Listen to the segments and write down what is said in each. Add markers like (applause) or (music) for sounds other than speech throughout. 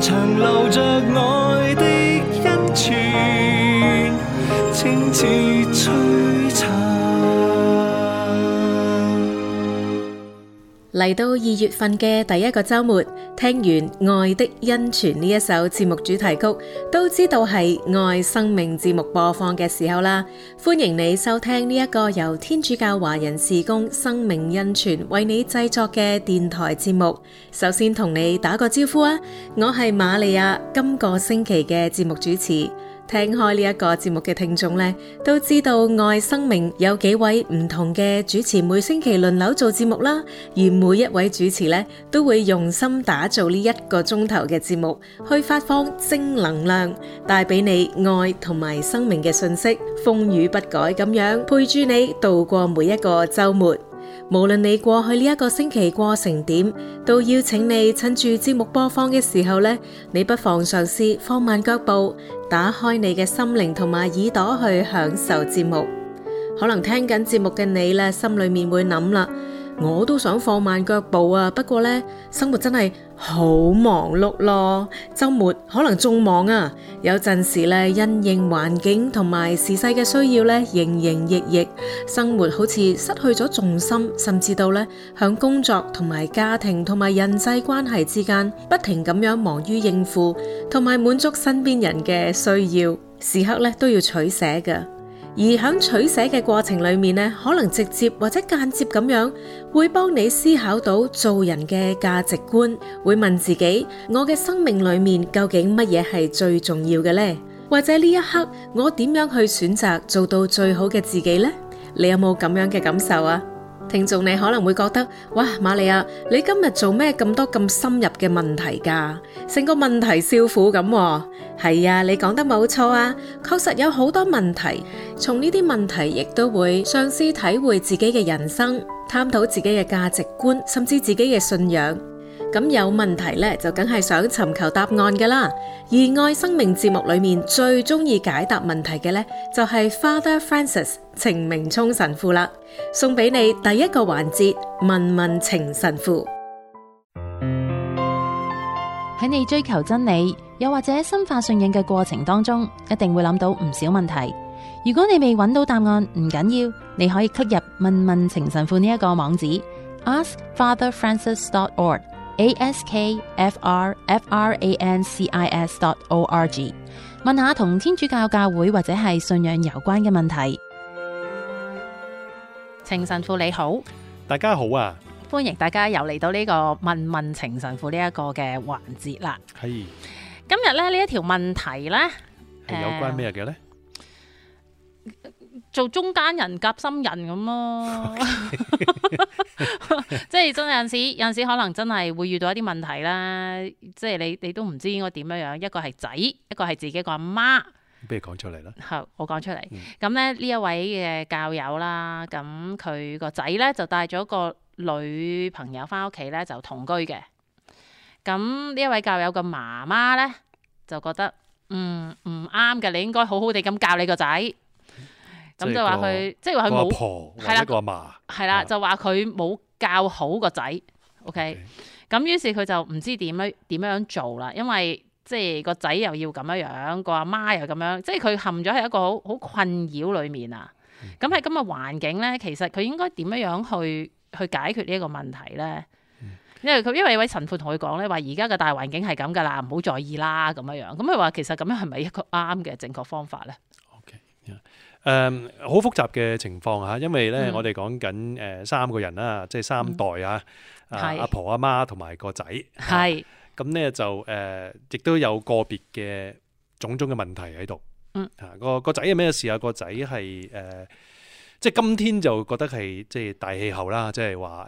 長留着愛的恩泉清澈璀璨，嚟到二月份嘅第一個週末。聽完《愛的恩泉》呢一首節目主題曲，都知道係愛生命節目播放嘅時候啦。歡迎你收聽呢一個由天主教華人事工生命恩泉為你製作嘅電台節目。首先同你打個招呼啊，我係瑪利亞，今個星期嘅節目主持。聽開呢一個節目嘅聽眾呢，都知道愛生命有幾位唔同嘅主持，每星期輪流做節目啦。而每一位主持呢，都會用心打造呢一個鐘頭嘅節目，去發放正能量，帶俾你愛同埋生命嘅信息，風雨不改咁樣，陪住你度過每一個周末。無論你過去呢一個星期過成點，都邀請你趁住節目播放嘅時候呢，你不妨嘗試放慢腳步，打開你嘅心靈同埋耳朵去享受節目。可能聽緊節目嘅你啦，心裏面會諗啦。我都想放慢腳步，不過呢，生活真係好忙碌囉，周末可能仲忙啊，有陣時呢，因應環境同埋時勢嘅需要營營役役，生活好似失去咗重心，甚至到呢，響工作同埋家庭同埋人際關係之間不停咁樣忙於應付，同埋滿足身邊人嘅需要，時刻呢，都要取捨㗎。而喺取捨嘅過程裏面呢，可能直接或者間接咁樣，會幫你思考到做人嘅價值觀，會問自己：我嘅生命裏面究竟乜嘢係最重要嘅呢？或者呢一刻我點樣去選擇做到最好嘅自己呢？你有冇咁樣嘅感受啊？聽眾你可能會覺得，哇，瑪利亞，你今日做咩咁多咁深入嘅問題㗎，成個問題少婦咁。係啊，你講得冇錯啊，確實有好多問題，從呢啲問題亦都會嘗試體會自己嘅人生，探討自己嘅價值觀，甚至自己嘅信仰。咁有問題咧，就梗係想尋求答案噶啦。而愛生命節目裏面最中意解答問題嘅咧，就係、是、Father Francis 程明聰神父啦。送俾你第一個環節，問問程神父。喺你追求真理，又或者深化信仰嘅過程當中，一定會諗到唔少問題。如果你未揾到答案，唔緊要，你可以 click 入問問程神父呢一個網址，ask father francis dot org。askfrfrancis.org 問下同天主教教會或者係信仰有關嘅問題。情神父你好，大家好啊！歡迎大家又嚟到呢個問問情神父是呢一個嘅環節啦。係今日咧呢一條問題咧係有關咩嘅咧？呃做中間人夾心人咁咯，即係真有陣時，有陣時可能真係會遇到一啲問題啦。即係你你都唔知應該點樣樣，一個係仔，一個係自己個阿媽。不如講出嚟啦。我講出嚟。咁咧呢一位嘅教友啦，咁佢個仔咧就帶咗個女朋友返屋企咧就同居嘅。咁呢一位教友嘅媽媽咧就覺得嗯，唔啱嘅，你應該好好地咁教你個仔。咁就話佢，即係話佢冇，係啦，個阿媽係啦，就話佢冇教好個仔，OK，咁 Okay. 於是佢就唔知點咧，點樣做啦？因為即係個仔又要咁樣樣，個阿媽又咁樣，即係佢陷咗喺一個好好困擾裡面啊。咁喺咁嘅環境咧，其實佢應該點樣樣去去解決呢一個問題咧？嗯、因為佢因為有位神父同佢講咧，話而家嘅大環境係咁噶啦，唔好在意啦咁樣樣。咁佢話其實咁樣係咪一個啱嘅正確，正確方法咧？誒，好、uh, 複雜嘅情況吓，因為咧我哋講緊誒三個人啦，即係三代、嗯、啊，阿是的、啊啊、婆、阿媽同埋個仔，係咁咧就誒、呃，亦都有個別嘅種種嘅問題喺度，嗯，個個仔係咩事啊？個仔係誒。啊即係今天就覺得係即係大氣候啦，即係話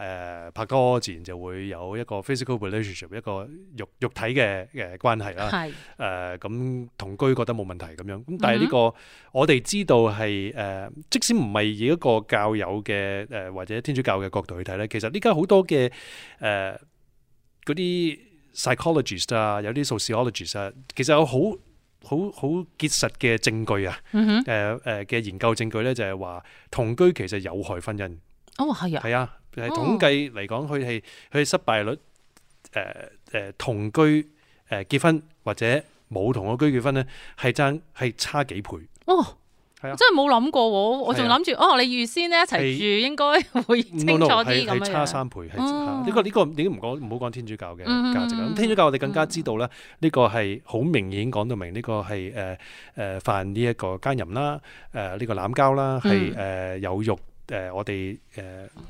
誒拍拖自然就會有一個 physical relationship 一個肉肉體嘅嘅關係啦。係、呃、咁是、呃、同居覺得冇問題咁樣。咁但係呢、呢個、嗯、哼我哋知道係誒、呃，即使唔係以一個教友嘅誒、呃、或者天主教嘅角度去睇咧，其實呢家好多嘅誒嗰啲 psychologist 啊，呃、ps ologists, 有啲 sociologist 啊，其實有好。好好結實嘅證據啊！誒誒嘅研究證據咧，就係話同居其實有害婚姻。哦，係啊，係啊！統計嚟講，佢係佢失敗率。誒、呃、誒，同居誒結婚或者冇同我居結婚咧，係爭係差幾倍。哦係真係冇諗過喎！我仲諗住哦，你預先咧一齊住應該會清楚啲咁、no, no, 差三倍係呢、嗯呢個呢、呢個已經唔講唔好講天主教嘅價值。咁、嗯嗯、天主教我哋更加知道咧，呢、嗯、個係好明顯講到明，呢個係誒誒犯呢一個奸淫啦，誒、呃、呢、呢個濫交啦，係誒、呃、有辱誒、呃、我哋誒、呃、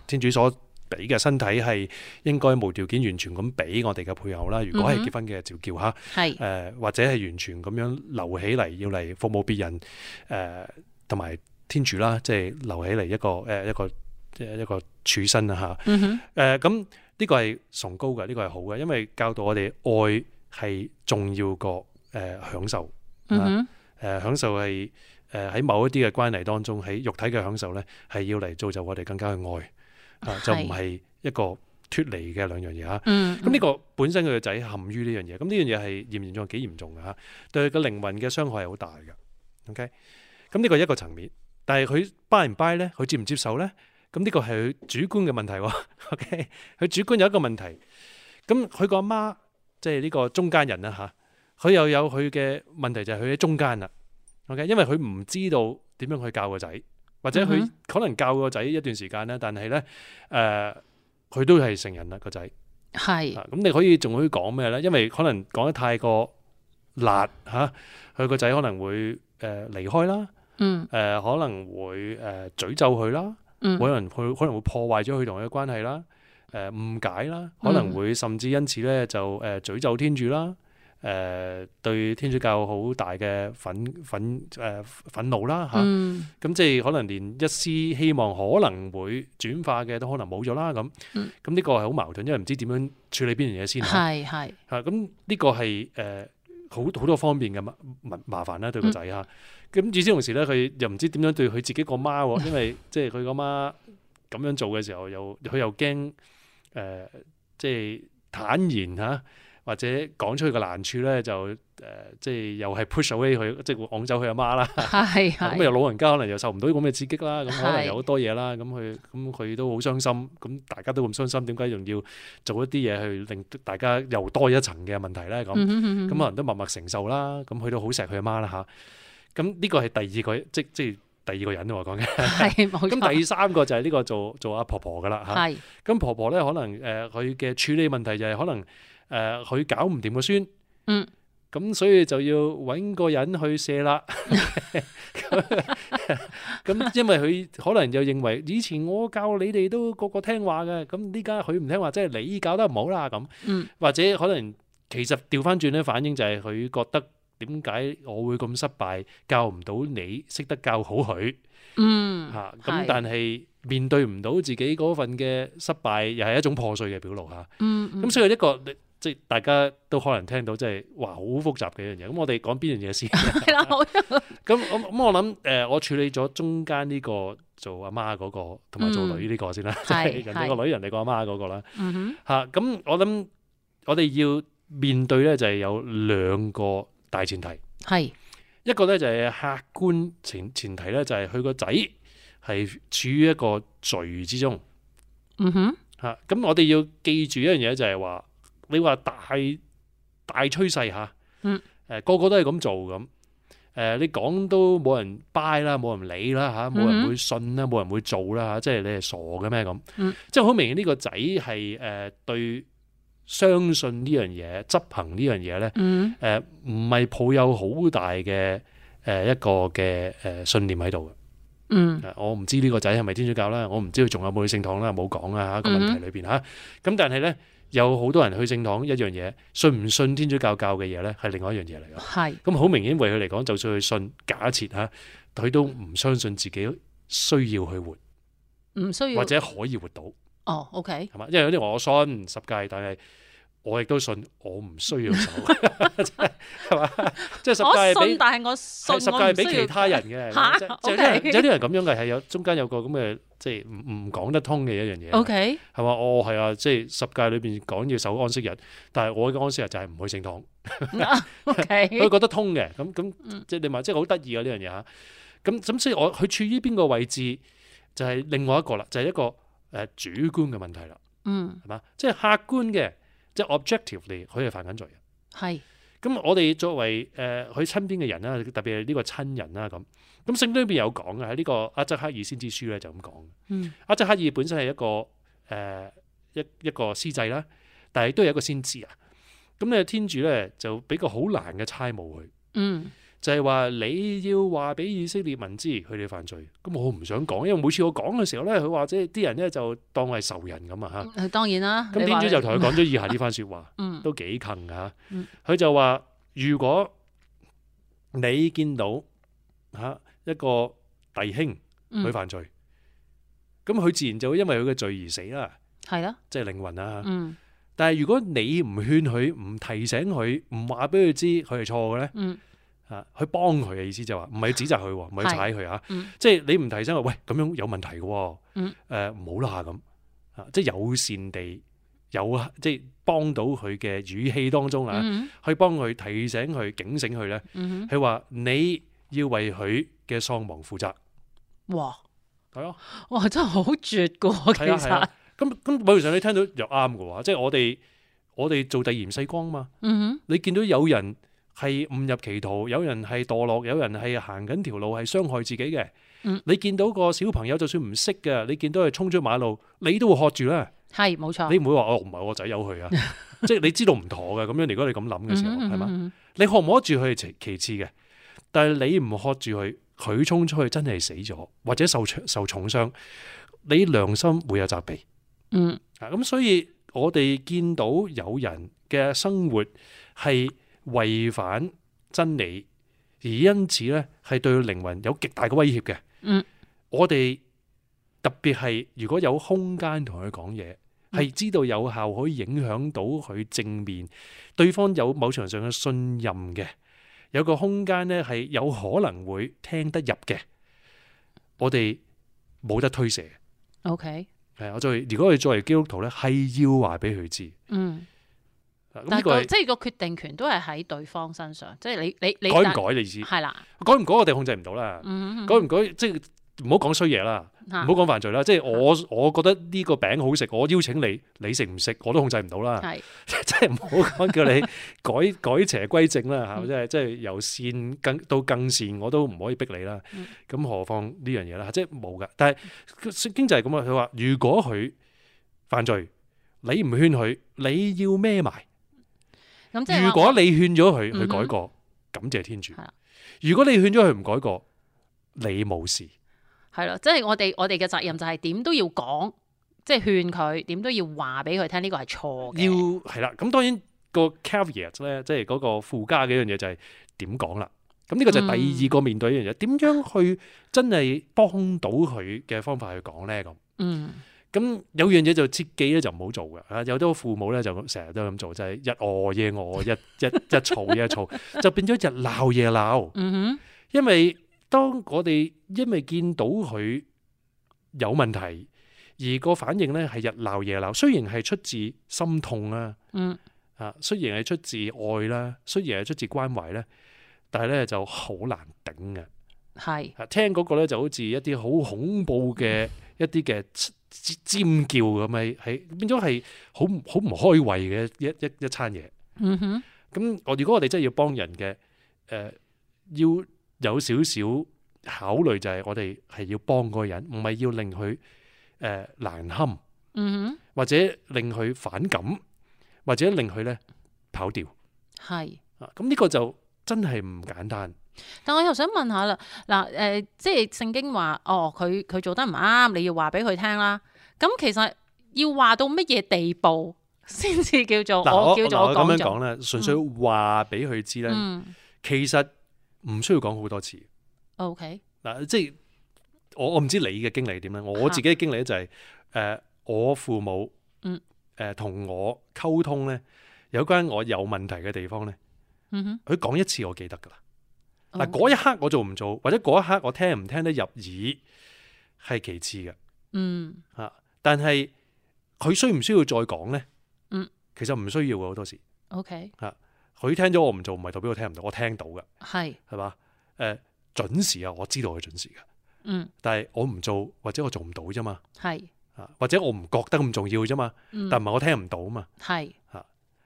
天主所俾嘅身體係應該無條件完全咁俾我哋嘅配偶啦。如果係結婚嘅就叫嚇，係誒或者係完全咁樣留起嚟要嚟服務別人誒同埋天主啦，即係留起嚟一個誒一個一個處身啊嚇。誒咁呢個係崇高嘅，呢個係好嘅，因為教導我哋愛係重要過誒享受。誒享受係誒喺某一啲嘅關係當中，喺肉體嘅享受咧係要嚟造就我哋更加嘅愛。啊、就唔係一個脫離嘅兩樣嘢嚇、啊。咁呢個本身佢個仔陷於呢樣嘢，咁呢樣嘢係嚴唔嚴重？幾嚴重嘅嚇、啊，對佢嘅靈魂嘅傷害係好大嘅。OK，咁呢個係一個層面，但係佢 buy 唔 buy 咧？佢接唔接受咧？咁呢個係佢主觀嘅問題、啊。OK，佢主觀有一個問題。咁佢個媽即係呢個中間人啦、啊、嚇，佢又有佢嘅問題就係佢喺中間啦。OK，因為佢唔知道點樣去教個仔。或者佢可能教個仔一段時間啦，但係咧，誒、呃，佢都係成人啦個仔。係，咁是、啊、你可以仲可以講咩咧？因為可能講得太過辣吓，佢個仔可能會誒離、呃、開啦。誒、呃、可能會誒詛、呃、咒佢啦。可能佢、呃呃嗯、可能會破壞咗佢同佢嘅關係啦。誒、呃、誤解啦，可能會甚至因此咧就誒詛、呃、咒天主啦。誒，uh, 對天主教好大嘅憤憤誒憤怒啦吓，咁、啊嗯、即係可能連一絲希望可能會轉化嘅都可能冇咗啦咁，咁呢、嗯、個係好矛盾，因為唔知點樣處理邊樣嘢先係咁呢個係誒、呃、好好多方面嘅麻麻麻煩啦對個仔吓，咁與、嗯嗯、此同時咧，佢又唔知點樣對佢自己個媽，因為即係佢個媽咁樣做嘅時候，又佢又驚誒、呃呃，即係坦然吓。呃或者講出佢個難處咧，就誒即係又係 push away 佢，即係趕走佢阿媽啦。係係咁，又老人家可能又受唔到啲咁嘅刺激啦。咁可能有好多嘢啦，咁佢咁佢都好傷心。咁大家都咁傷心，點解仲要做一啲嘢去令大家又多一層嘅問題咧？咁咁可能都默默承受啦。咁佢都好錫佢阿媽啦嚇。咁呢個係第二個，即即係第二個人我講嘅。係冇錯。咁、嗯、第三個就係呢個做做阿婆婆噶啦嚇。咁、啊、的婆婆咧可能誒佢嘅處理問題就係可能。誒，佢搞唔掂個孫，咁所以就要揾個人去卸啦。咁因為佢可能又認為以前我教你哋都個個聽話嘅，咁而家佢唔聽話，即係你教得唔好啦咁。或者可能其實調翻轉咧，反應就係佢覺得點解我會咁失敗，教唔到你識得教好佢。嗯，吓咁但係面對唔到自己嗰份嘅失敗，又係一種破碎嘅表露吓。咁所以呢個。即係大家都可能聽到，即係話好複雜嘅一樣嘢。咁我哋講邊樣嘢先？係咁咁咁，我諗誒、嗯嗯，我處理咗中間呢個做阿媽嗰個，同埋、嗰個、做女呢個先啦。係、嗯、人哋個女，是人哋、嗰個阿媽嗰個啦。嗯咁、嗯、我諗我哋要面對咧，就係有兩個大前提係一個咧，就係客觀前前提咧，就係佢個仔係處於一個罪之中。嗯咁我哋要記住一樣嘢，就係、是、話。你話大大趨勢吓，誒個個都係咁做咁，誒、呃、你講都冇人 buy 啦，冇人理啦吓，冇人會信啦，冇人會做啦吓，即係你係傻嘅咩咁？嗯、即係好明顯呢個仔係誒對相信呢樣嘢、執行呢樣嘢咧，誒唔係抱有好大嘅誒一個嘅誒信念喺度嘅。嗯，我唔知呢個仔係咪天主教啦，我唔知佢仲有冇去聖堂啦，冇講啊吓，這個問題裏邊吓，咁、呃、但係咧。有好多人去聖堂一樣嘢，信唔信天主教教嘅嘢咧，係另外一樣嘢嚟嘅。係咁，好明顯，為佢嚟講，就算佢信，假設吓，佢都唔相信自己需要去活，唔需要或者可以活到。哦，OK，係嘛？因為有啲我信十戒，但係。我亦都信，我唔需要守， (laughs) (laughs) 係嘛？即係十戒但係我信，我信十戒俾其他人嘅、啊、即係有啲人咁樣嘅，係有中間有個咁嘅，即係唔唔講得通嘅一樣嘢。O K，係嘛？我、哦、係啊，即係十戒裏邊講要守安息日，但係我嘅安息日就係唔去聖堂。 (laughs) o Okay ?佢覺得通嘅。咁咁即係你話，即係好得意啊呢樣嘢吓。咁咁所以我佢處於邊個位置，就係、是、另外一個啦，就係、是、一個誒主觀嘅問題啦。嗯，係嘛？即係客觀嘅。objective 嚟，佢係犯緊罪嘅。係，咁 (noise) 我哋作為誒佢身邊嘅人啦，特別係呢個親人啦，咁，咁聖經裏邊有講嘅喺呢個阿則克爾先知書咧就咁講。嗯，阿則克爾本身係一個誒、呃、一一,一,一個司祭啦，但係都係一個先知啊。咁咧天主咧就俾個好難嘅差務佢。嗯。就係話你要話俾以色列民知佢哋犯罪，咁我唔想講，因為每次我講嘅時候咧，佢話即係啲人咧就當我係仇人咁啊嚇。佢當然啦。咁天主就同佢講咗以下呢番説話， (laughs) 嗯、都幾近㗎。佢就話：如果你見到嚇一個弟兄佢犯罪，咁佢、嗯、自然就會因為佢嘅罪而死啦。係啦、嗯，即係靈魂啊。嗯、但係如果你唔勸佢、唔提醒佢、唔話俾佢知佢係錯嘅咧，嗯幫是啊！去幫佢嘅意思就係話唔係指責佢，唔係踩佢吓，即係你唔提醒佢喂，咁樣有問題嘅，誒唔好啦咁，啊即係友善地有即係幫到佢嘅語氣當中啊，嗯、去幫佢提醒佢、警醒佢咧，佢話、嗯、你要為佢嘅喪亡負責。哇！係啊！哇真係好絕噶，其實咁咁、啊啊啊啊，比如上你聽到又啱嘅話，即係我哋我哋做第二嚴細光啊嘛，嗯、你見到有人。係誤入歧途，有人係墮落，有人係行緊條路係傷害自己嘅。嗯、你見到個小朋友，就算唔識嘅，你見到佢衝出馬路，你都會喝住啦。係冇錯，錯你唔會話哦，唔係我仔，由佢啊， (laughs) 即係你知道唔妥嘅咁樣。如果你咁諗嘅時候，係咪、嗯嗯嗯嗯，你喝唔喝住佢係其次嘅，但係你唔喝住佢，佢衝出去真係死咗，或者受受重傷，你良心會有責備。嗯，咁、啊、所以我哋見到有人嘅生活係。違反真理，而因此咧係對佢靈魂有極大嘅威脅嘅。嗯，我哋特別係如果有空間同佢講嘢，係知道有效可以影響到佢正面，對方有某場上嘅信任嘅，有個空間咧係有可能會聽得入嘅。我哋冇得推卸。OK，係我再，如果佢作為基督徒咧，係要話俾佢知。嗯。但係、個即係個決定權都係喺對方身上，即係你你你改唔改你意思？係啦的，改唔改我哋控制唔到啦。嗯、哼哼改唔改即係唔好講衰嘢啦，唔好講犯罪啦。即係我我覺得呢個餅好食，我邀請你，你食唔食我都控制唔到啦。即係唔好講叫你改 (laughs) 改邪歸正啦，嚇！即係即係由善更到更善，我都唔可以逼你啦。咁、嗯、何況呢樣嘢啦？即係冇㗎。但係經濟係咁啊，佢話如果佢犯罪，你唔勸佢，你要孭埋？如果你勸咗佢去改過，嗯、哼感謝天主。如果你勸咗佢唔改過，你冇事。係咯，即係我哋我哋嘅責任就係點都要講，即係勸佢，點都要話俾佢聽呢個係錯嘅。要係啦，咁當然個 caveat 咧，即係嗰個附加嘅一樣嘢就係點講啦。咁呢個就係第二個面對一樣嘢，點樣去真係幫到佢嘅方法去講咧？咁嗯。嗯咁有樣嘢就切忌咧，就唔好做嘅。啊，有啲父母咧就成日都咁做，就係日餓夜餓，日日日嘈夜嘈，就變咗日鬧夜鬧。嗯哼。因為當我哋因為見到佢有問題，而個反應咧係日鬧夜鬧，雖然係出自心痛啦，嗯啊，雖然係出自愛啦，雖然係出自關懷咧，但係咧就好難頂嘅。係啊，聽嗰個咧就好似一啲好恐怖嘅一啲嘅。尖叫咁咪係變咗係好好唔開胃嘅一一一,一餐嘢。嗯哼，咁我如果我哋真係要幫人嘅，誒、呃、要有少少考慮就係我哋係要幫個人，唔係要令佢誒、呃、難堪。嗯哼，或者令佢反感，或者令佢咧跑掉。係，咁呢個就真係唔簡單。但我又想問下啦，嗱，誒、呃，即係聖經話哦，佢佢做得唔啱，你要話俾佢聽啦。咁其實要話到乜嘢地步先至叫做我叫做咁樣講咧？純、嗯、粹話俾佢知咧，嗯、其實唔需要講好多次。O K 嗱，即係我我唔知你嘅經歷點咧，我自己嘅經歷咧就係、是、誒哈、呃，我父母我嗯誒同我溝通咧，有關我有問題嘅地方咧，哼、嗯，佢講一次我記得噶啦。Mm mm mm 嗱，嗰 Okay. 一刻我做唔做，或者嗰一刻我聽唔聽得入耳，係其次嘅。嗯，吓，但係佢需唔需要再講咧？嗯，其實唔需要嘅好多時。O K，吓，佢聽咗我唔做，唔係代表我聽唔到，我聽到嘅。係係嘛？誒、呃，準時啊，我知道佢準時嘅。嗯，但係我唔做，或者我做唔到啫嘛。係啊是，或者我唔覺得咁重要啫、嗯、嘛。嗯是，但係唔係我聽唔到啊嘛。係吓，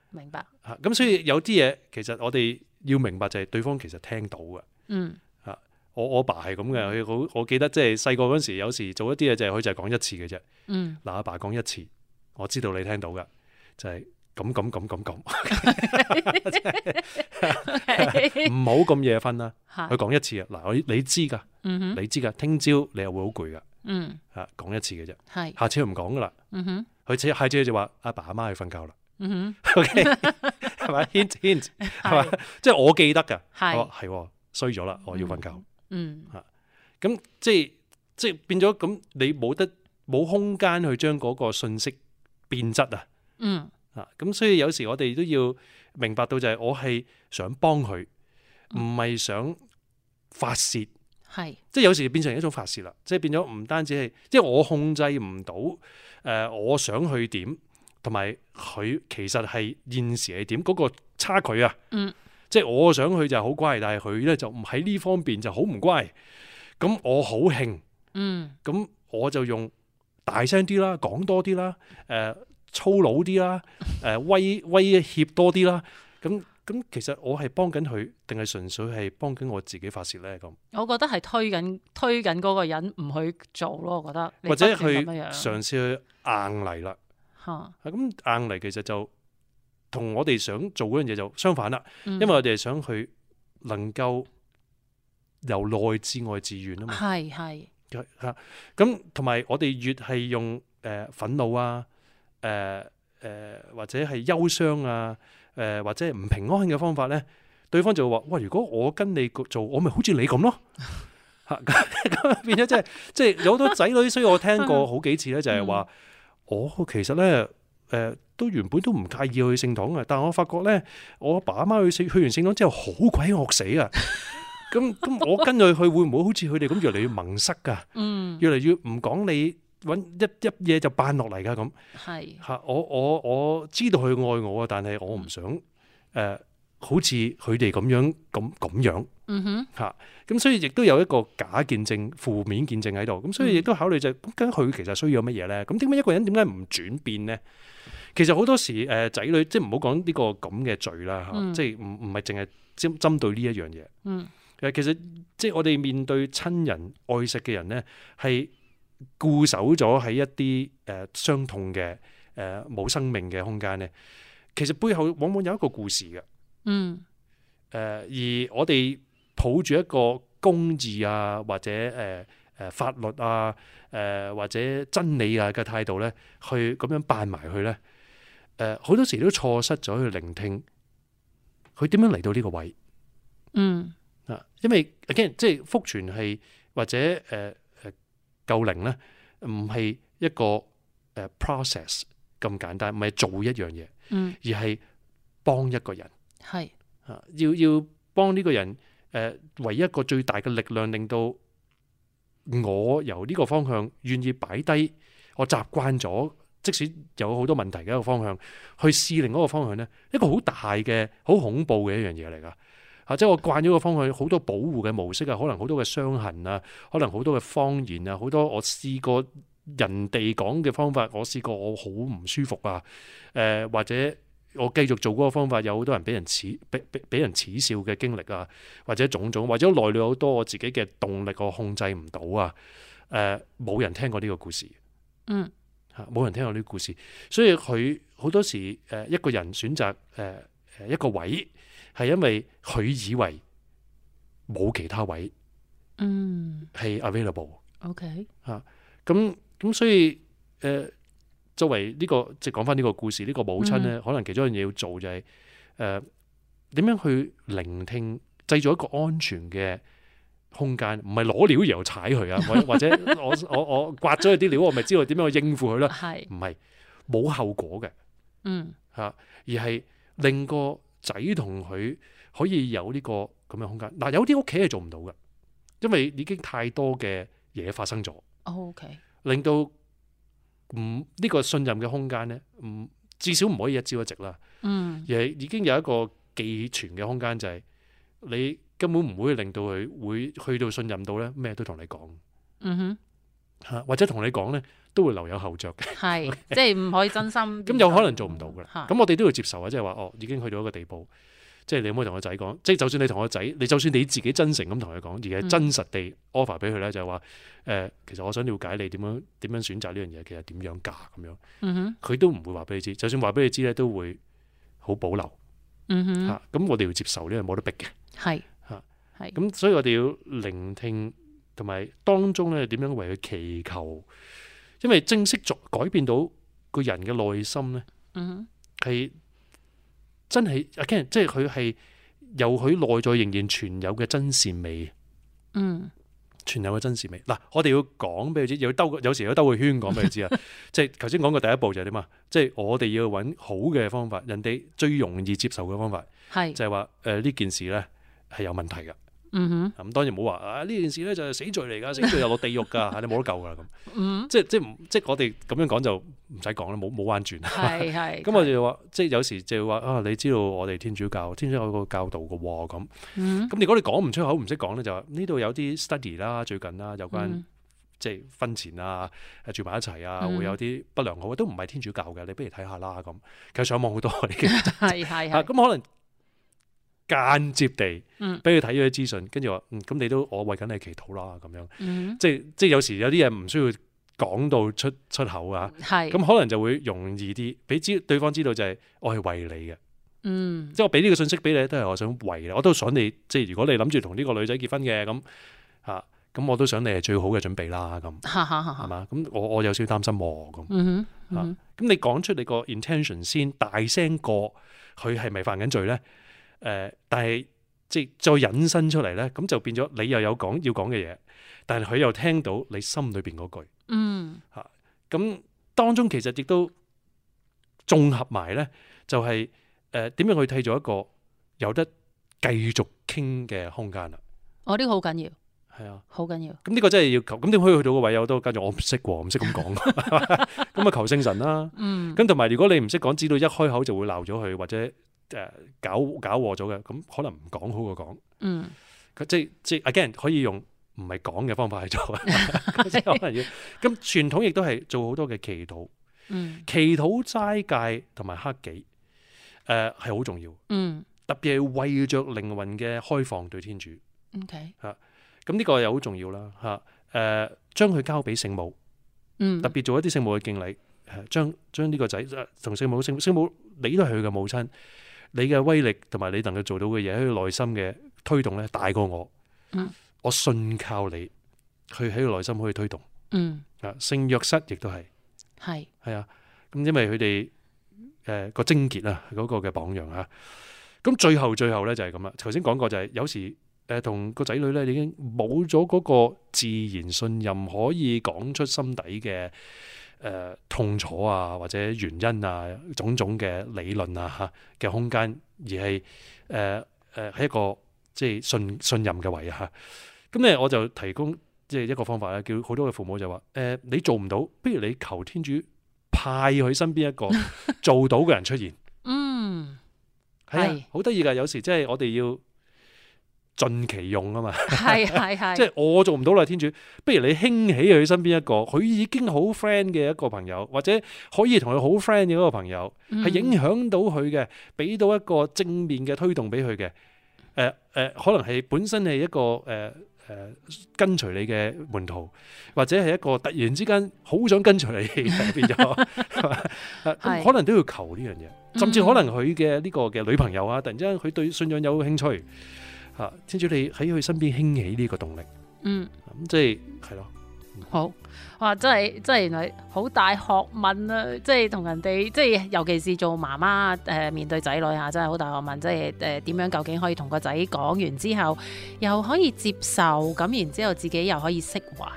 明白吓。咁、啊、所以有啲嘢，其實我哋。要明白就係對方其實聽到嘅，嗯啊，我我爸係咁嘅，佢好，我記得即係細個嗰時有時做一啲嘢就係佢就係講一次嘅啫，嗯，嗱阿爸講一次，我知道你聽到嘅，就係咁咁咁咁咁，唔好咁夜瞓啦，佢講一次啊，嗱你你知噶，你知噶，聽朝你又會好攰噶，嗯啊講一次嘅啫，係，下次唔講噶啦，佢下次就話阿爸阿媽去瞓覺啦，OK。係嘛 (laughs) int ,？hint hint，係嘛？即係、就是、我記得噶，係係衰咗啦，我要瞓覺。嗯啊，咁、嗯、即係即係變咗咁，你冇得冇空間去將嗰個信息變質啊。嗯啊，咁所以有時我哋都要明白到就係我係想幫佢，唔係、嗯、想發泄。係、嗯、即係有時變成一種發泄啦，即係變咗唔單止係，即係我控制唔到誒，我想去點。同埋佢其實係現時係點嗰個差距啊！嗯，即係我想佢就係好乖，但係佢咧就唔喺呢方面就好唔乖。咁我好興，嗯，咁我就用大聲啲啦，講多啲啦，誒粗魯啲啦，誒威威脅多啲啦。咁咁其實我係幫緊佢，定係純粹係幫緊我自己發泄咧？咁我覺得係推緊推緊嗰個人唔去做咯。我覺得或者去嘗試去硬嚟啦。啊，咁、嗯、硬嚟其實就同我哋想做嗰樣嘢就相反啦，嗯、因為我哋係想去能夠由內至外自願啊嘛。係係是是、嗯。吓咁，同埋我哋越係用誒憤怒啊，誒、呃、誒、呃、或者係憂傷啊，誒、呃、或者係唔平安嘅方法咧，對方就話，哇、呃！如果我跟你做，我咪好似你咁咯。吓咁 (laughs) (laughs) 變咗、就是，即係即係有好多仔女，所以我聽過好幾次咧，就係話。我其實咧，誒、呃，都原本都唔介意去聖堂嘅，但我發覺咧，我阿爸阿媽去聖去完聖堂之後好鬼惡死啊！咁咁、 (laughs) 嗯嗯，我跟佢去會唔會好似佢哋咁越嚟越萌塞噶？嗯，越嚟越唔講你搵一啲嘢就扮落嚟噶咁。係吓，我我我知道佢愛我啊，但係我唔想誒。呃好似佢哋咁樣咁咁樣，樣樣嗯哼，吓咁、啊，所以亦都有一個假見證、負面見證喺度。咁所以亦都考慮就咁、是，佢其實需要乜嘢咧？咁點解一個人點解唔轉變咧？其實好多時誒，仔、呃、女即係唔好講呢個咁嘅罪啦，即係唔唔係淨係針針對呢一樣嘢。誒、嗯，其實即係我哋面對親人愛惜嘅人咧，係固守咗喺一啲誒傷痛嘅誒冇生命嘅空間咧。其實背後往往有一個故事嘅。嗯，誒，而我哋抱住一個公義啊，或者誒誒、呃呃、法律啊，誒、呃、或者真理啊嘅態度咧，去咁樣扮埋去咧，誒、呃，好多時都錯失咗去聆聽，佢點樣嚟到呢個位？1 嗯，啊，因為 again，即係福傳係或者誒誒、呃、救靈咧，唔係一個誒 process 咁簡單，唔係做一樣嘢，嗯，而係幫一個人。係是要要幫呢個人誒、呃，唯一一個最大嘅力量，令到我由呢個方向願意擺低我習慣咗，即使有好多問題嘅一個方向去試另外一個方向呢，一個好大嘅、好恐怖嘅一樣嘢嚟㗎。啊，或者我慣咗個方向，好多保護嘅模式啊，可能好多嘅傷痕啊，可能好多嘅方言啊，好多我試過人哋講嘅方法，我試過我好唔舒服啊，誒、呃、或者。我繼續做嗰個方法，有好多人俾人恥，俾俾人恥笑嘅經歷啊，或者種種，或者內裏好多我自己嘅動力我控制唔到啊，誒、呃，冇人聽過呢個故事，嗯，嚇冇人聽過呢個故事，所以佢好多時誒一個人選擇誒一個位，係因為佢以為冇其他位，嗯，係是 available，OK Okay .嚇、啊，咁咁所以誒。呃作為呢、這個即係講翻呢個故事，呢、這個母親咧，嗯、可能其中一樣嘢要做就係、是、誒，點、呃、樣去聆聽，製造一個安全嘅空間，唔係攞料然後踩佢啊， (laughs) 或者我我我刮咗佢啲料，我咪知道點樣去應付佢囉。唔係冇後果嘅？嗯吓、啊，而係令個仔同佢可以有呢、這個咁嘅空間。嗱、啊，有啲屋企係做唔到嘅，因為已經太多嘅嘢發生咗。O、oh, K，okay. 令到。唔，呢個信任嘅空間咧，唔，至少唔可以一朝一夕啦，嗯，而係已經有一個寄存嘅空間，就係、是、你根本唔會令到佢會去到信任到咧，咩都同你講，嗯哼，嚇或者同你講咧都會留有後着，嘅是，係 (laughs) okay? 即係唔可以真心，咁 (laughs) 有可能做唔到噶啦，咁、嗯、我哋都要接受啊，即係話哦，已經去到一個地步。即係你可唔可以同個仔講？即、就、係、是、就算你同個仔，你就算你自己真誠咁同佢講，而係真實地 offer 俾佢咧，嗯、就係話誒，其實我想了解你點樣點樣選擇呢樣嘢，其實點樣嫁咁樣，佢、嗯、哼都唔會話俾你知。就算話俾你知咧，都會好保留。吓咁、嗯哼啊、我哋要接受呢樣冇得逼嘅。係吓係。咁、啊、所以我哋要聆聽同埋當中咧，點樣為佢祈求？因為正式作改變到個人嘅內心咧，係、嗯哼。真係阿 Ken，即係佢係有佢內在仍然存有嘅真善美，嗯，存有嘅真善美。嗱，我哋要講俾佢知，要兜，有時要兜個圈，講俾佢知啊。即係頭先講過，第一步就係點啊？即係我哋要揾好嘅方法，人哋最容易接受嘅方法，係就係話誒，呢件事咧係有問題嘅。咁、嗯、當然唔好話啊！呢件事咧就係死罪嚟㗎，死罪又落地獄㗎， (laughs) 你冇得救㗎咁。嗯，哼 嗯，即即唔即我哋咁樣講就唔使講啦，冇冇彎轉。係係。咁我就話，即有時就話啊、哦，你知道我哋天主教，天主教個教，教導㗎喎咁。嗯，嗯。咁、嗯、如果你講唔出口，唔識講咧，就話呢度有啲 study 啦，最近啦，有關、嗯、即婚前、呃、啊，住埋一齊啊，會有啲不良好，都唔係天主教嘅，你不如睇下啦咁。其實上網好多嘅。咁可能。間接地，嗯，俾佢睇咗啲資訊，跟住話，嗯，咁你都我為緊你祈禱啦，咁樣，即係即係有時有啲嘢唔需要講到出出口啊，係，咁可能就會容易啲，俾知對方知道就係我係為你嘅，嗯，即係我俾呢個信息俾你都係我想為你。我都想你，即係如果你諗住同呢個女仔結婚嘅咁，吓，咁我都想你係最好嘅準備啦，咁，係嘛，咁我我有少少擔心喎，咁，咁你講出你個 intention 先，大聲過，佢係咪犯緊罪咧？誒、呃，但係即係再引申出嚟咧，咁就變咗你又有講要講嘅嘢，但係佢又聽到你心裏邊嗰句，嗯吓，咁、啊、當中其實亦都綜合埋咧、就是，就係誒點樣去替咗一個有得繼續傾嘅空間啦。哦、呢、這個好緊要，係啊，好緊要。咁呢個真係要求，咁點可以去到個位我都跟住我唔識喎，唔識咁講，咁 (laughs) (laughs) 啊求聖神啦。嗯。咁同埋如果你唔識講，知道一開口就會鬧咗佢，或者。誒，搞搞和咗嘅，咁可能唔講好過講。嗯，佢即係即係 again 可以用唔係講嘅方法去做。咁 (laughs) 傳 (laughs) 統亦都係做好多嘅祈禱，嗯、祈禱齋戒同埋克己，誒係好重要。嗯，特別係為着靈魂嘅開放對天主。O Okay 吓，咁呢、啊這個又好重要啦。吓、啊，誒將佢交俾聖母。嗯、特別做一啲聖母嘅敬禮，誒將將呢個仔同聖母聖聖母你都係佢嘅母親。你嘅威力同埋你能夠做到嘅嘢喺佢內心嘅推動咧，大過我。嗯、我信靠你，佢喺佢內心可以推動。啊、嗯，聖約瑟亦都係，係係啊。咁因為佢哋誒個貞潔啊，嗰個嘅榜樣吓。咁最後最後咧就係咁啦。頭先講過就係、是、有時誒同個仔女咧已經冇咗嗰個自然信任，可以講出心底嘅。誒，痛楚啊，或者原因啊，種種嘅理論啊，吓嘅空間，而係誒誒，係、呃呃、一個即係信信任嘅位啊，咁、嗯、咧我就提供即係一個方法咧，叫好多嘅父母就話，誒、呃，你做唔到，不如你求天主派佢身邊一個做到嘅人出現。 (laughs) 嗯，係啊、哎，好得意㗎，有時即係我哋要。盡其用啊嘛，係係係，即係我做唔到啦，天主，不如你興起佢身邊一個，佢已經好 friend 嘅一個朋友，或者可以同佢好 friend 嘅一個朋友，係、嗯、影響到佢嘅，俾到一個正面嘅推動俾佢嘅，誒、呃、誒、呃，可能係本身係一個誒誒、呃呃，跟隨你嘅門徒，或者係一個突然之間好想跟隨你變咗，係嘛，咁可能都要求呢樣嘢，甚至可能佢嘅呢個嘅女朋友啊，突然之間佢對信仰有興趣。吓，天主，你喺佢身邊興起呢個動力，嗯，咁即係係咯，嗯、好，哇、啊，真係真係，原來好大學問啊！即係同人哋，即係尤其是做媽媽誒，面對仔女啊，真係好大學問，即係誒，點、呃、樣究竟可以同個仔講完之後，又可以接受，咁然之後自己又可以釋懷，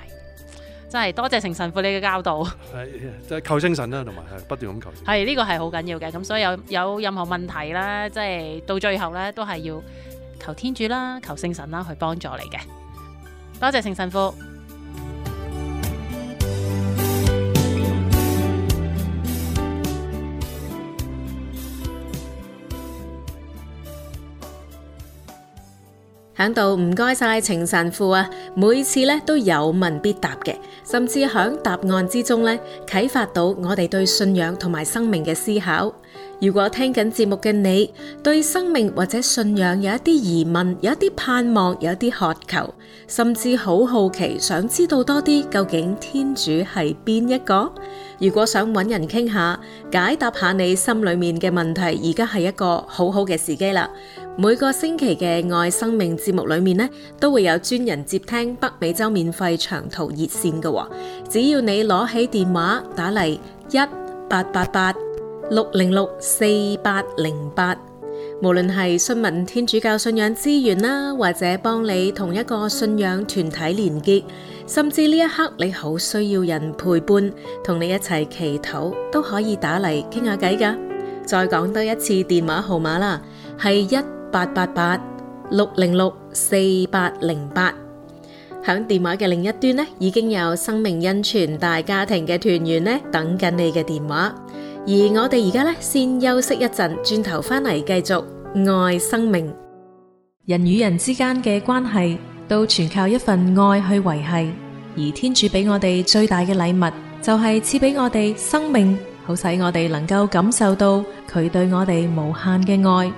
真係多謝成神父你嘅教導，係即係求精神啦、啊，同埋係不斷咁求精神，係呢、這個係好緊要嘅，咁所以有有任何問題咧，即係到最後咧，都係要。求天主啦，求聖神啦，去幫助你嘅。多謝聖神父，響度唔該晒，聖神父啊，每次咧都有問必答嘅，甚至響答案之中咧啟發到我哋對信仰同埋生命嘅思考。如果聽緊節目嘅你，對生命或者信仰有一啲疑問，有一啲盼望，有一啲渴求，甚至好好奇，想知道多啲究竟天主係邊一個？如果想揾人傾下，解答下你心裏面嘅問題，而家係一個好好嘅時機啦。每個星期嘅愛生命節目裏面呢，都會有專人接聽北美洲免費長途熱線嘅喎。只要你攞起電話打嚟一八八八，六零六四八零八，8, 無論係詢問天主教信仰資源啦，或者幫你同一個信仰團體連結，甚至呢一刻你好需要人陪伴，同你一齊祈禱都可以打嚟傾下偈噶。再講多一次電話號碼啦，係一八八八六零六四八零八。響電話嘅另一端呢，已經有生命恩泉大家庭嘅團員呢，等緊你嘅電話。而我哋而家咧，先休息一陣，轉頭翻嚟繼續愛生命。人與人之間嘅關係都全靠一份愛去維繫，而天主俾我哋最大嘅禮物，就係賜俾我哋生命，好使我哋能夠感受到佢對我哋無限嘅愛。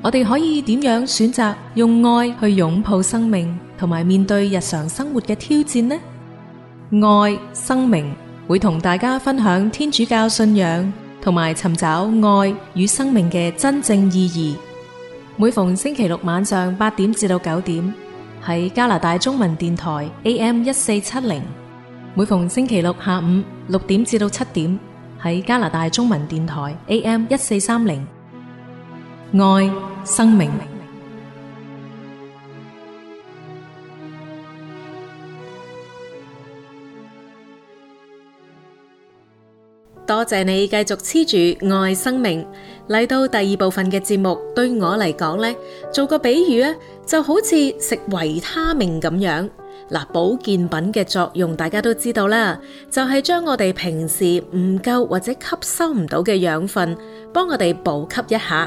我哋可以點樣選擇用愛去擁抱生命，同埋面對日常生活嘅挑戰呢？愛生命會同大家分享天主教信仰。同埋尋找愛與生命嘅真正意義。每逢星期六晚上八點至到九點，喺加拿大中文電台 AM 一四七零；每逢星期六下午六點至到七點，喺加拿大中文電台 AM 一四三零。愛生命。多謝你繼續黐住愛生命嚟到第二部分嘅節目，對我嚟講呢，做個比喻啊，就好似食維他命咁樣嗱，保健品嘅作用大家都知道啦，就係將我哋平時唔夠或者吸收唔到嘅養分，幫我哋補給一下。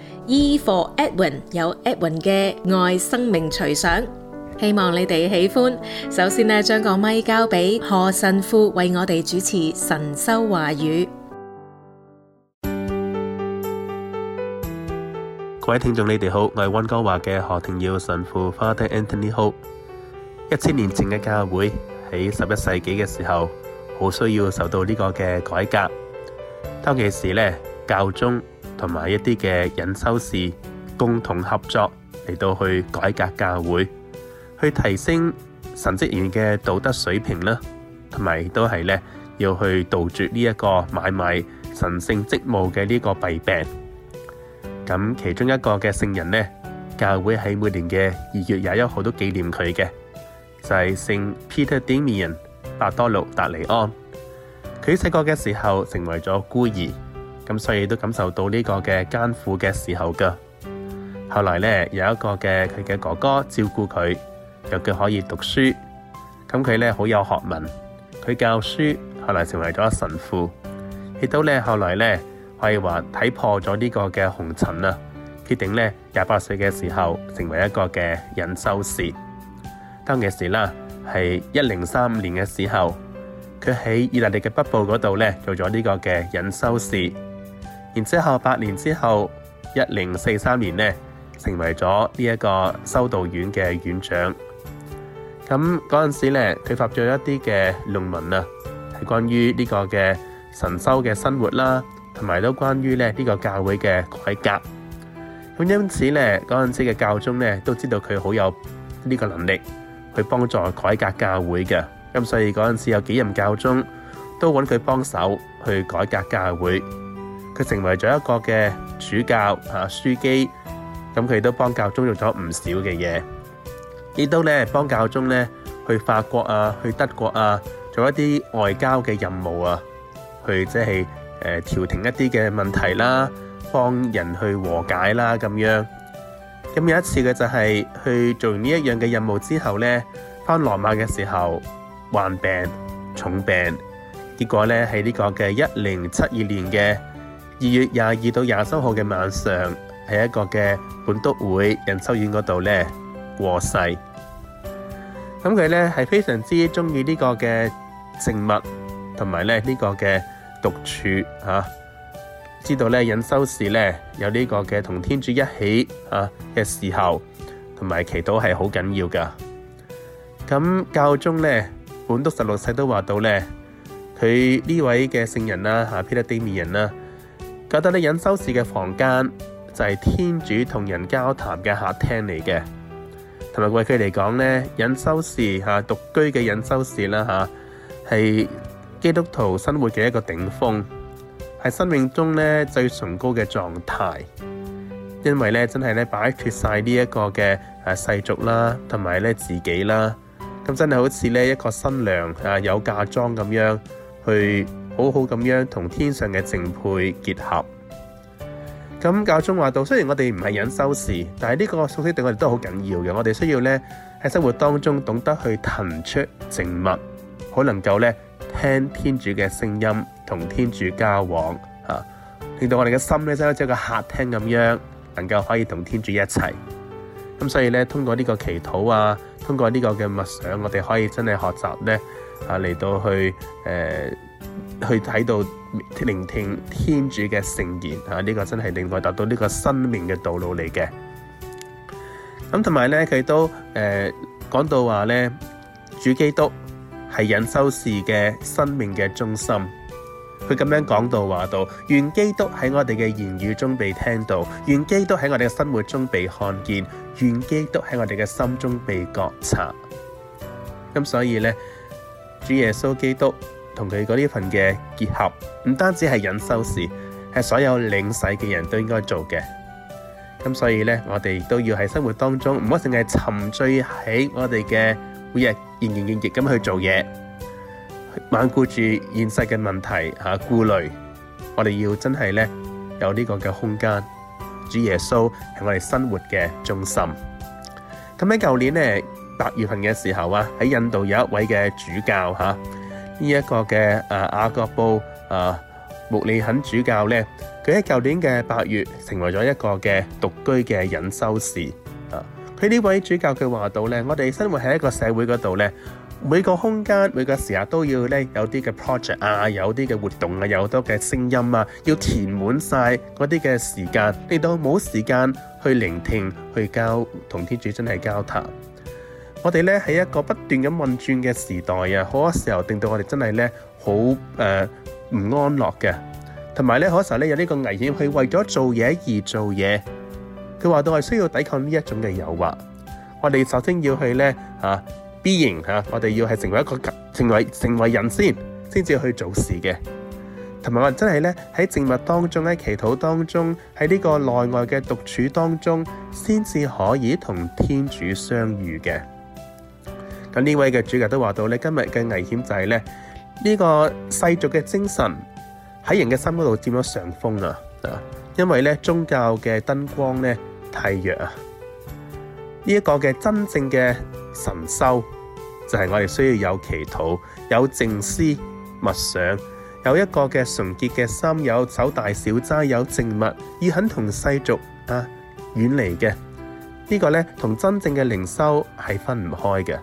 E for Edwin 有 Edwin 嘅愛生命隨想，希望你哋喜歡。首先呢，將個咪交俾何神父為我哋主持神修話語。各位聽眾，你哋好，我係溫哥華嘅何庭耀神父 Father Anthony Ho。一千年前嘅教會喺十一世紀嘅時候，好需要受到呢個嘅改革。當其時呢，教宗。同埋一啲嘅隱修士共同合作嚟到去改革教會，去提升神職員嘅道德水平啦，同埋都係咧要去杜絕呢一個買賣神聖職，職務嘅呢個弊病。咁其中一個嘅聖人呢，教會喺每年嘅二月廿一號都紀念佢嘅，就係聖 Peter Damian，伯多祿達尼安。佢細個嘅時候成為咗孤兒。咁所以都感受到呢個嘅艱苦嘅時候㗎。後來呢，有一個嘅佢嘅哥哥照顧佢，又佢可以讀書。咁佢呢好有學問，佢教書，後來成為咗神父。亦都呢，後來呢，可以話睇破咗呢個嘅紅塵啊，決定呢廿八歲嘅時候成為一個嘅隱修士。當其時啦，係一零三五年嘅時候，佢喺意大利嘅北部嗰度呢做咗呢個嘅隱修士。然之後，八年之後，一零四三年咧，成為咗呢一個修道院嘅院長。咁嗰陣時咧，佢發咗一啲嘅論文啊，係關於呢個嘅神修嘅生活啦，同埋都關於咧呢個教會嘅改革。咁因此咧，嗰陣時嘅教宗咧都知道佢好有呢個能力去幫助改革教會嘅。咁所以嗰陣時有幾任教宗都揾佢幫手去改革教會。佢成為咗一個嘅主教啊書記，咁佢都幫教宗做咗唔少嘅嘢。亦都咧幫教宗咧去法國啊，去德國啊，做一啲外交嘅任務啊，去即係誒調停一啲嘅問題啦，幫人去和解啦咁樣。咁有一次嘅就係、是、去做呢一樣嘅任務之後呢，翻羅馬嘅時候患病重病，結果呢，喺呢個嘅一零七二年嘅二月廿二到廿三號嘅晚上，喺一個嘅本篤會隱修院嗰度咧過世。咁佢呢係非常之中意呢個嘅植物，同埋咧呢個嘅獨處吓。知道呢隱修士呢有呢個嘅同天主一起吓嘅、啊、時候，同埋祈禱係好緊要噶。咁教宗呢，本篤十六世都話到呢，佢呢位嘅聖人啦，吓 Pietro Damian 啊。覺得咧隱修士嘅房間就係、是、天主同人交談嘅客廳嚟嘅，同埋為佢嚟講咧隱修士嚇獨居嘅隱修士啦嚇，係、啊、基督徒生活嘅一個頂峰，係生命中咧最崇高嘅狀態，因為咧真係咧擺脫晒呢一個嘅誒世俗啦，同埋咧自己啦，咁、啊、真係好似咧一個新娘嚇、啊、有嫁妝咁樣去。好好咁樣同天上嘅正配結合。咁教宗話到，雖然我哋唔係隱修士，但係呢個信息對我哋都好緊要嘅。我哋需要呢喺生活當中懂得去騰出靜默，好能夠呢聽天主嘅聲音，同天主交往啊，令到我哋嘅心呢真係好似個客廳咁樣，能夠可以同天主一齊。咁所以呢，通過呢個祈禱啊，通過呢個嘅默想，我哋可以真係學習呢，啊嚟到去誒。呃去睇到聆聽天主嘅聖言，吓、啊、呢、這個真係令我達到呢個生命嘅道路嚟嘅。咁同埋呢，佢都誒、呃、講到話呢，主基督係隱修士嘅生命嘅中心。佢咁樣講到話到：「願基督喺我哋嘅言語中被聽到，願基督喺我哋嘅生活中被看見，願基督喺我哋嘅心中被覺察。」咁、嗯、所以呢，主耶穌基督。同佢嗰呢份嘅結合，唔單止係隱修士，係所有領洗嘅人都應該做嘅。咁所以呢，我哋都要喺生活當中唔好淨係沉醉喺我哋嘅每日營營役役咁去做嘢，懶顧住現世嘅問題嚇顧慮。我哋要真係呢，有呢個嘅空間，主耶穌係我哋生活嘅中心。咁喺舊年呢，八月份嘅時候啊，喺印度有一位嘅主教嚇。啊呢一個嘅誒亞各布誒、啊、穆利肯主教呢，佢喺舊年嘅八月成為咗一個嘅獨居嘅隱修士。啊，佢呢位主教佢話到呢，我哋生活喺一個社會嗰度呢，每個空間每個時刻都要呢，有啲嘅 project 啊，有啲嘅活動啊，有多嘅聲音啊，要填滿晒嗰啲嘅時間，令到冇時間去聆聽、去交同天主真係交談。我哋咧喺一個不斷咁運轉嘅時代啊，好多時候令到我哋真係咧好誒唔安樂嘅。同埋咧，好多時候咧有呢個危險，去為咗做嘢而做嘢。佢話到係需要抵抗呢一種嘅誘惑。我哋首先要去咧嚇變形嚇，我哋要係成為一個成為成為人先，先至去做事嘅。同埋我哋真係咧喺靜物當中，喺祈禱當中，喺呢個內外嘅獨處當中，先至可以同天主相遇嘅。咁呢位嘅主教都話到咧，今日嘅危險就係咧呢、這個世俗嘅精神喺人嘅心嗰度佔咗上風啊啊！因為咧宗教嘅燈光咧太弱啊，呢、這、一個嘅真正嘅神修就係、是、我哋需要有祈禱、有靜思、默想，有一個嘅純潔嘅心，有守大小齋，有靜物，要肯同世俗啊遠離嘅、這個、呢個咧，同真正嘅靈修係分唔開嘅。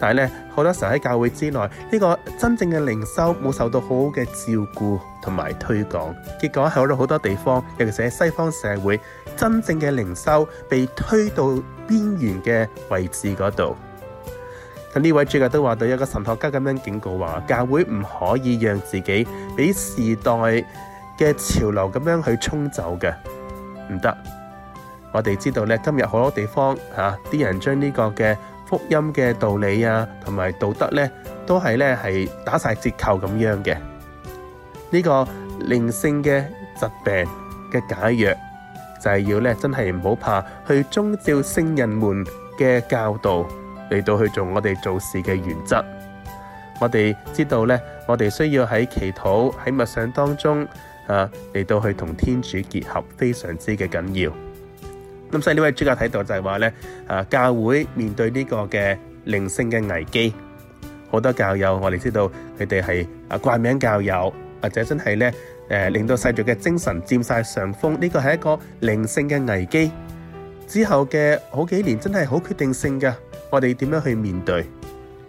但係咧，好多時候喺教會之內，呢、這個真正嘅靈修冇受到好好嘅照顧同埋推廣，結果喺好多地方，尤其是喺西方社會，真正嘅靈修被推到邊緣嘅位置嗰度。咁呢位主教都話到一個神學家咁樣警告話：教會唔可以讓自己俾時代嘅潮流咁樣去沖走嘅，唔得。我哋知道咧，今日好多地方吓，啲、啊、人將呢個嘅。福音嘅道理啊，同埋道德呢，都係呢，係打晒折扣咁樣嘅。呢個靈性嘅疾病嘅解藥，就係要呢，真係唔好怕去遵照聖人們嘅教導嚟，到去做我哋做事嘅原則。我哋知道呢，我哋需要喺祈禱喺默想當中啊嚟，到去同天主結合，非常之嘅緊要。咁所以呢位主教睇到就係話咧，啊，教會面對呢個嘅靈性嘅危機，好多教友，我哋知道佢哋係啊掛名教友，或者真係咧，誒令到世俗嘅精神佔曬上風，呢個係一個靈性嘅危機。之後嘅好幾年真係好決定性嘅，我哋點樣去面對？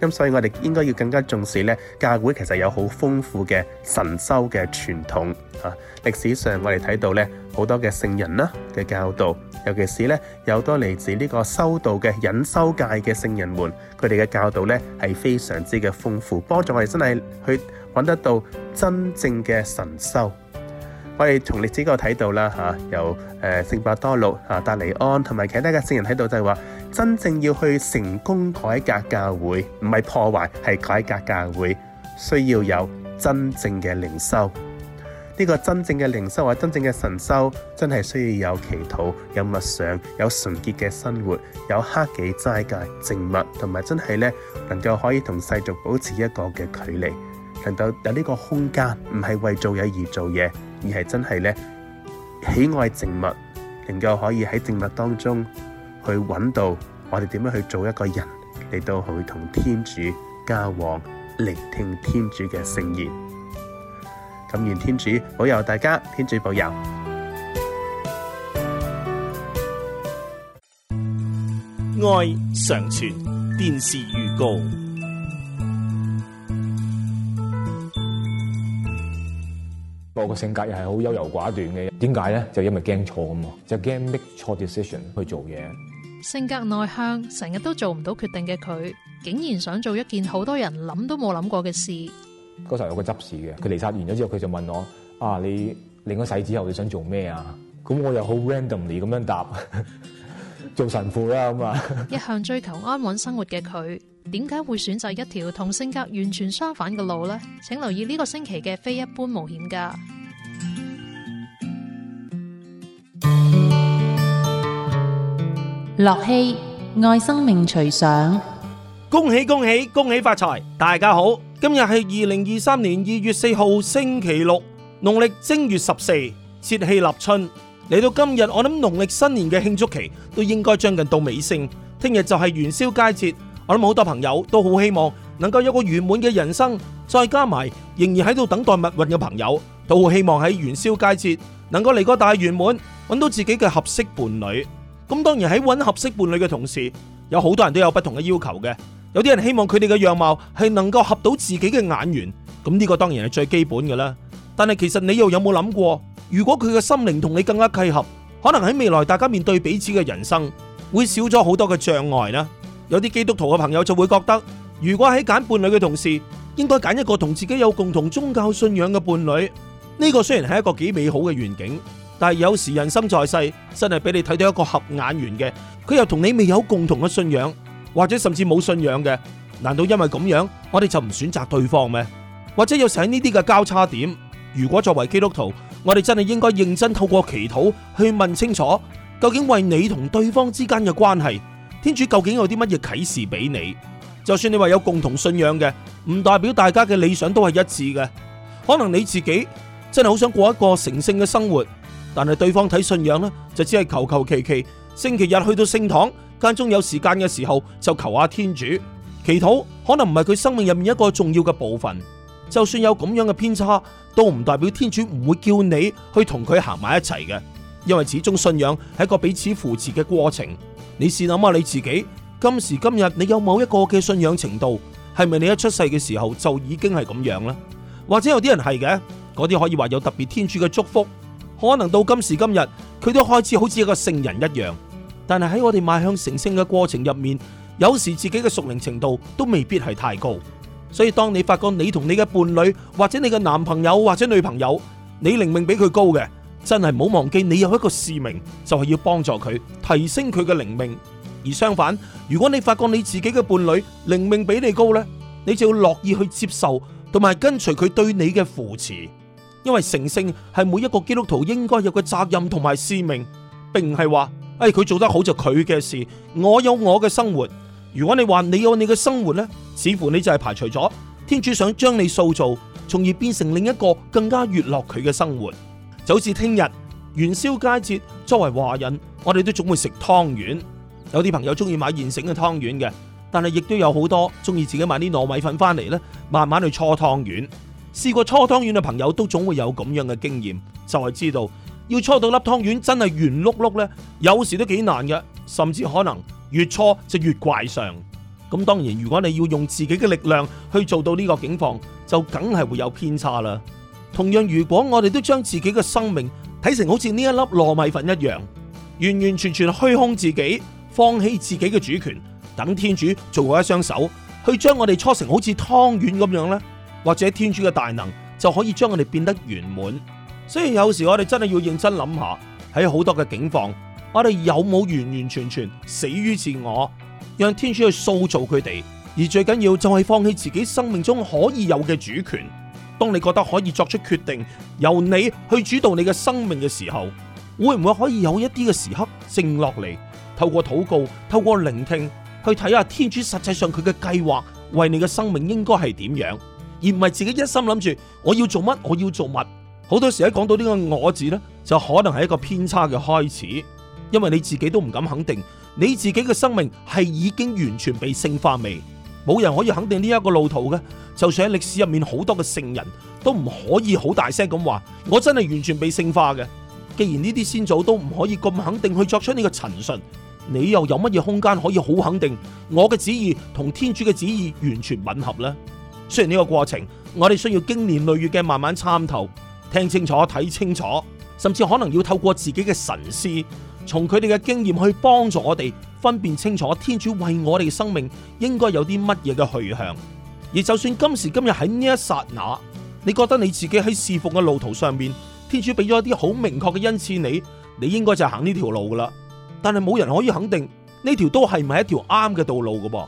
咁所以，我哋應該要更加重視咧，教會其實有好豐富嘅神修嘅傳統啊！歷史上，我哋睇到咧好多嘅聖人啦嘅教導，尤其是咧有多嚟自呢個修道嘅隱修界嘅聖人們，佢哋嘅教導咧係非常之嘅豐富，幫助我哋真係去揾得到真正嘅神修。我哋從歷史嗰度睇到啦，嚇，由誒聖伯多祿啊、達尼安同埋其他嘅聖人喺度就係話。真正要去成功改革教會，唔係破壞，係改革教會，需要有真正嘅靈修。呢個真正嘅靈修或者真正嘅神修，真係需要有祈禱、有默想、有純潔嘅生活、有克己齋戒、靜默，同埋真係咧，能夠可以同世俗保持一個嘅距離，能夠有呢個空間，唔係為做嘢而做嘢，而係真係咧喜愛靜默，能夠可以喺靜默當中。去揾到我哋點樣去做一個人，嚟到去同天主交往，聆聽天主嘅聖言。咁願天主保佑大家，天主保佑。愛常傳，電視預告。我個性格又係好優柔寡斷嘅，點解咧？就因為驚錯咁啊，就驚 make 錯 decision 去做嘢。性格內向成日都做唔到決定嘅佢，竟然想做一件好多人諗都冇諗過嘅事。嗰時候有個執事嘅，佢彌撒完咗之後，佢就問我：啊，你領咗洗之後你想做咩啊？咁我又好 randomly 咁樣答， (laughs) 做神父啦咁啊。 (laughs) 一向追求安穩生活嘅佢，點解會選擇一條同性格完全相反嘅路咧？請留意呢個星期嘅非一般冒險家。樂熙愛生命隨想，恭喜恭喜恭喜發財！大家好，今日係二零二三年二月四號星期六，農曆正月十四，節氣立春。嚟到今日，我諗農曆新年嘅慶祝期都應該將近到尾聲，聽日就係元宵佳節，我諗好多朋友都好希望能夠有個圓滿嘅人生，再加埋仍然喺度等待蜜運嘅朋友，都好希望喺元宵佳節能夠嚟個大圓滿，搵到自己嘅合適伴侶。咁當然喺揾合適伴侶嘅同時，有好多人都有不同嘅要求嘅。有啲人希望佢哋嘅樣貌係能夠合到自己嘅眼緣，咁呢個當然係最基本嘅啦。但係其實你又有冇諗過，如果佢嘅心靈同你更加契合，可能喺未來大家面對彼此嘅人生會少咗好多嘅障礙啦。有啲基督徒嘅朋友就會覺得，如果喺揀伴侶嘅同時，應該揀一個同自己有共同宗教信仰嘅伴侶，呢個雖然係一個幾美好嘅願景。但係有時人生在世，真係俾你睇到一個合眼緣嘅，佢又同你未有共同嘅信仰，或者甚至冇信仰嘅，難道因為咁樣我哋就唔選擇對方咩？或者有時喺呢啲嘅交叉點，如果作為基督徒，我哋真係應該認真透過祈禱去問清楚，究竟為你同對方之間嘅關係，天主究竟有啲乜嘢啟示俾你？就算你話有共同信仰嘅，唔代表大家嘅理想都係一致嘅，可能你自己真係好想過一個聖性嘅生活。但係對方睇信仰呢，就只係求求其其，星期日去到聖堂，間中有時間嘅時候就求下天主祈禱，可能唔係佢生命入面一個重要嘅部分。就算有咁樣嘅偏差，都唔代表天主唔會叫你去同佢行埋一齊嘅。因為始終信仰係一個彼此扶持嘅過程。你試諗下你自己，今時今日你有某一個嘅信仰程度，係咪你一出世嘅時候就已經係咁樣呢？或者有啲人係嘅，嗰啲可以話有特別天主嘅祝福。可能到今時今日，佢都開始好似一個聖人一樣。但係喺我哋邁向成聖嘅過程入面，有時自己嘅熟齡程度都未必係太高。所以當你發覺你同你嘅伴侶或者你嘅男朋友或者女朋友，你靈命比佢高嘅，真係唔好忘記你有一個使命，就係要幫助佢提升佢嘅靈命。而相反，如果你發覺你自己嘅伴侶靈命比你高呢，你就要樂意去接受同埋跟隨佢對你嘅扶持。因為成聖係每一個基督徒應該有嘅責任同埋使命，並唔係話，誒、哎、佢做得好就佢嘅事，我有我嘅生活。如果你話你有你嘅生活呢，似乎你就係排除咗天主想將你塑造，從而變成另一個更加悅樂佢嘅生活。就好似聽日元宵佳節，作為華人，我哋都總會食湯圓。有啲朋友中意買現成嘅湯圓嘅，但係亦都有好多中意自己買啲糯米粉翻嚟呢，慢慢去搓湯圓。試過搓湯丸嘅朋友都總會有咁樣嘅經驗，就係知道要搓到粒湯丸真係圓碌碌呢，有時都幾難嘅，甚至可能越搓就越怪相。咁當然，如果你要用自己嘅力量去做到呢個境況，就梗係會有偏差啦。同樣，如果我哋都將自己嘅生命睇成好似呢一粒糯米粉一樣，完完全全虛空自己，放棄自己嘅主權，等天主做過一雙手去將我哋搓成好似湯丸咁樣呢。或者天主嘅大能就可以將我哋變得圓滿。所以有時我哋真係要認真諗下喺好多嘅境況，我哋有冇完完全全死於自我，讓天主去塑造佢哋？而最緊要就係放棄自己生命中可以有嘅主權。當你覺得可以作出決定，由你去主導你嘅生命嘅時候，會唔會可以有一啲嘅時刻靜落嚟，透過禱告，透過聆聽，去睇下天主實際上佢嘅計劃，為你嘅生命應該係點樣？而唔係自己一心諗住我要做乜，我要做乜。好多時喺講到呢個我字呢，就可能係一個偏差嘅開始，因為你自己都唔敢肯定，你自己嘅生命係已經完全被聖化未？冇人可以肯定呢一個路途嘅，就算喺歷史入面好多嘅聖人都唔可以好大聲咁話，我真係完全被聖化嘅。既然呢啲先祖都唔可以咁肯定去作出呢個陳述，你又有乜嘢空間可以好肯定我嘅旨意同天主嘅旨意完全吻合呢？雖然呢個過程，我哋需要經年累月嘅慢慢參透，聽清楚、睇清楚，甚至可能要透過自己嘅神師，從佢哋嘅經驗去幫助我哋分辨清楚，天主為我哋嘅生命應該有啲乜嘢嘅去向。而就算今時今日喺呢一剎那，你覺得你自己喺侍奉嘅路途上面，天主俾咗一啲好明確嘅恩賜你，你應該就行呢條路噶啦。但係冇人可以肯定呢條都係唔係一條啱嘅道路噶噃。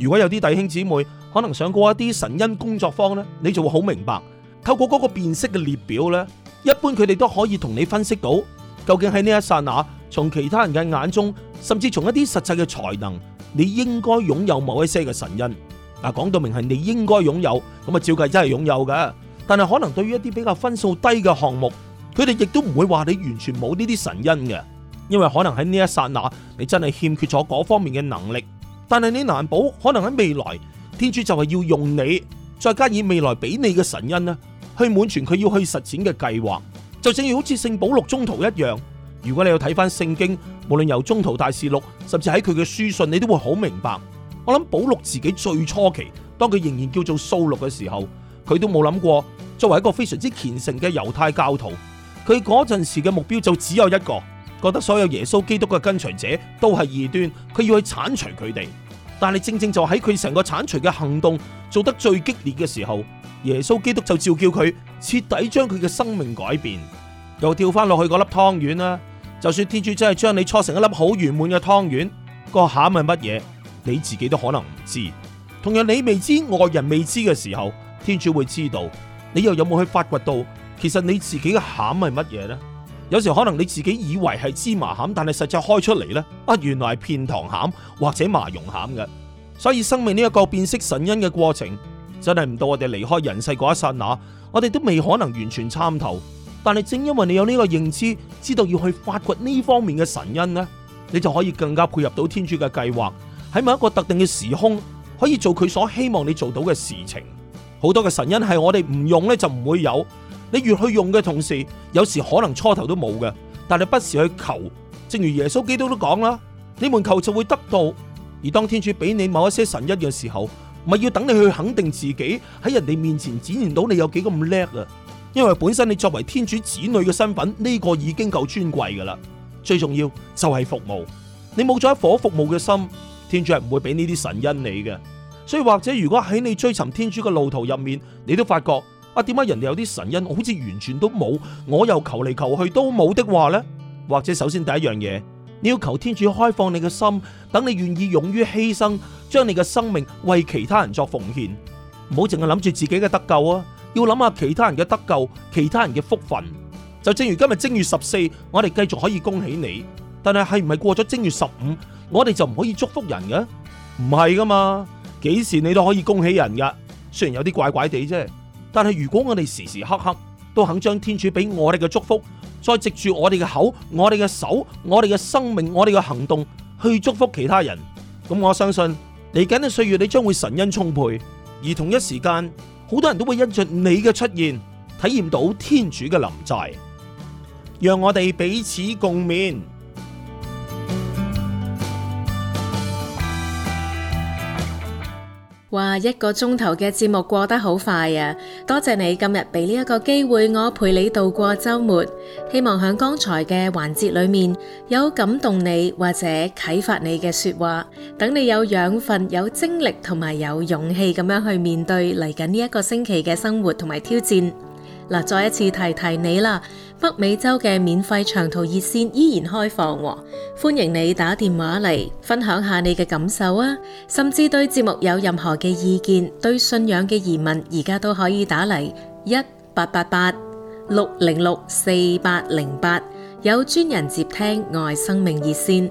如果有啲弟兄姊妹，可能上過一啲神恩工作坊呢，你就會好明白。透過嗰個辨識嘅列表呢，一般佢哋都可以同你分析到，究竟喺呢一剎那，從其他人嘅眼中，甚至從一啲實際嘅才能，你應該擁有某一些嘅神恩。嗱、啊，講到明係你應該擁有，咁啊照計真係擁有嘅。但係可能對於一啲比較分數低嘅項目，佢哋亦都唔會話你完全冇呢啲神恩嘅，因為可能喺呢一剎那，你真係欠缺咗嗰方面嘅能力。但係你難保可能喺未來。天主就係要用你，再加以未來俾你嘅神恩啦，去滿全佢要去實踐嘅計劃。就正如好似聖保祿宗徒一樣，如果你有睇返聖經，無論由宗徒大事錄，甚至喺佢嘅書信，你都會好明白。我諗保祿自己最初期，當佢仍然叫做掃祿嘅時候，佢都冇諗過，作為一個非常之虔誠嘅猶太教徒，佢嗰陣時嘅目標就只有一個，覺得所有耶穌基督嘅跟隨者都係異端，佢要去剷除佢哋。但係正正就喺佢成個鏟除嘅行動做得最激烈嘅時候，耶穌基督就召叫佢徹底將佢嘅生命改變，又掉翻落去嗰粒湯圓啦。就算天主真係將你搓成一粒好圓滿嘅湯圓，個餡係乜嘢，你自己都可能唔知。同樣你未知，外人未知嘅時候，天主會知道，你又有冇去發掘到其實你自己嘅餡係乜嘢呢？有時可能你自己以為係芝麻餡，但係實際開出嚟呢，啊，原來係片糖餡或者麻蓉餡嘅。所以生命呢一個辨識神恩嘅過程，真係唔到我哋離開人世嗰一剎那，我哋都未可能完全參透。但係正因為你有呢個認知，知道要去發掘呢方面嘅神恩呢，你就可以更加配合到天主嘅計劃，喺某一個特定嘅時空，可以做佢所希望你做到嘅事情。好多嘅神恩係我哋唔用呢，就唔會有。你越去用嘅同時，有時可能初頭都冇嘅，但係不時去求，正如耶穌基督都講啦，你們求就會得到。而當天主俾你某一些神恩嘅時候，咪要等你去肯定自己喺人哋面前展現到你有幾咁叻啊！因為本身你作為天主子女嘅身份，呢個已經夠尊貴噶啦。最重要就係服務，你冇咗一顆服務嘅心，天主係唔會俾呢啲神恩你嘅。所以或者如果喺你追尋天主嘅路途入面，你都發覺。啊！點解人哋有啲神恩，好似完全都冇？我又求嚟求去都冇的話呢？或者首先第一樣嘢，你要求天主開放你嘅心，等你願意勇於犧牲，將你嘅生命為其他人作奉獻，唔好淨係諗住自己嘅得救啊！要諗下其他人嘅得救，其他人嘅福分。就正如今日正月十四，我哋繼續可以恭喜你。但係係唔係過咗正月十五，我哋就唔可以祝福人嘅？唔係噶嘛，幾時你都可以恭喜人噶。雖然有啲怪怪地啫。但係，如果我哋時時刻刻都肯將天主俾我哋嘅祝福，再藉住我哋嘅口、我哋嘅手、我哋嘅生命、我哋嘅行動去祝福其他人，咁我相信嚟緊嘅歲月你將會神恩充沛，而同一時間，好多人都會因着你嘅出現，體驗到天主嘅臨在，讓我哋彼此共勉。哇，一個鐘頭嘅節目過得好快啊！多謝你今日俾呢一個機會，我陪你度過周末。希望喺剛才嘅環節裏面，有感動你或者啟發你嘅說話，等你有養分、有精力同埋有勇氣咁樣去面對嚟緊呢一個星期嘅生活同埋挑戰。嗱，再一次提提你啦。北美洲嘅免費長途熱線依然開放喎，歡迎你打電話嚟，分享下你嘅感受啊！甚至對節目有任何嘅意見，對信仰嘅疑問，而家都可以打嚟一八八八六零六四八零八，8，有專人接聽愛生命熱線。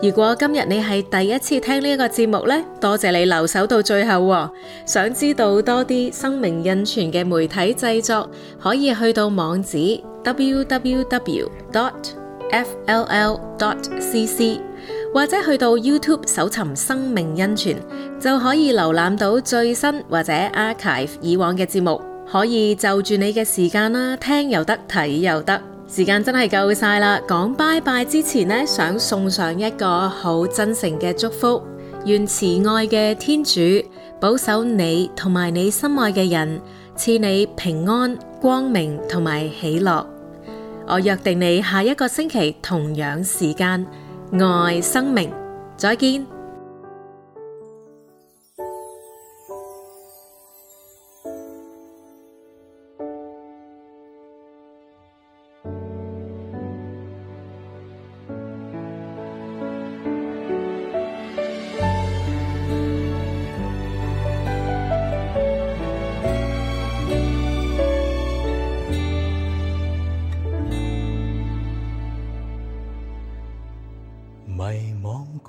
如果今日你係第一次聽呢一個節目呢，多謝你留守到最後喎。想知道多啲生命印存嘅媒體製作，可以去到網址 www.fll.cc，或者去到 YouTube 搜尋生命印存，就可以瀏覽到最新或者 archive 以往嘅節目。可以就住你嘅時間啦，聽又得，睇又得。時間真係夠晒啦，講拜拜之前呢，想送上一個好真誠嘅祝福，願慈愛嘅天主保守你同埋你心愛嘅人，賜你平安、光明同埋喜樂。我約定你下一個星期同樣時間愛生命，再見。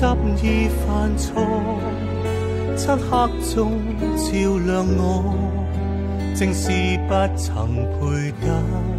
執意犯錯，漆黑中照亮我，正是不曾配得。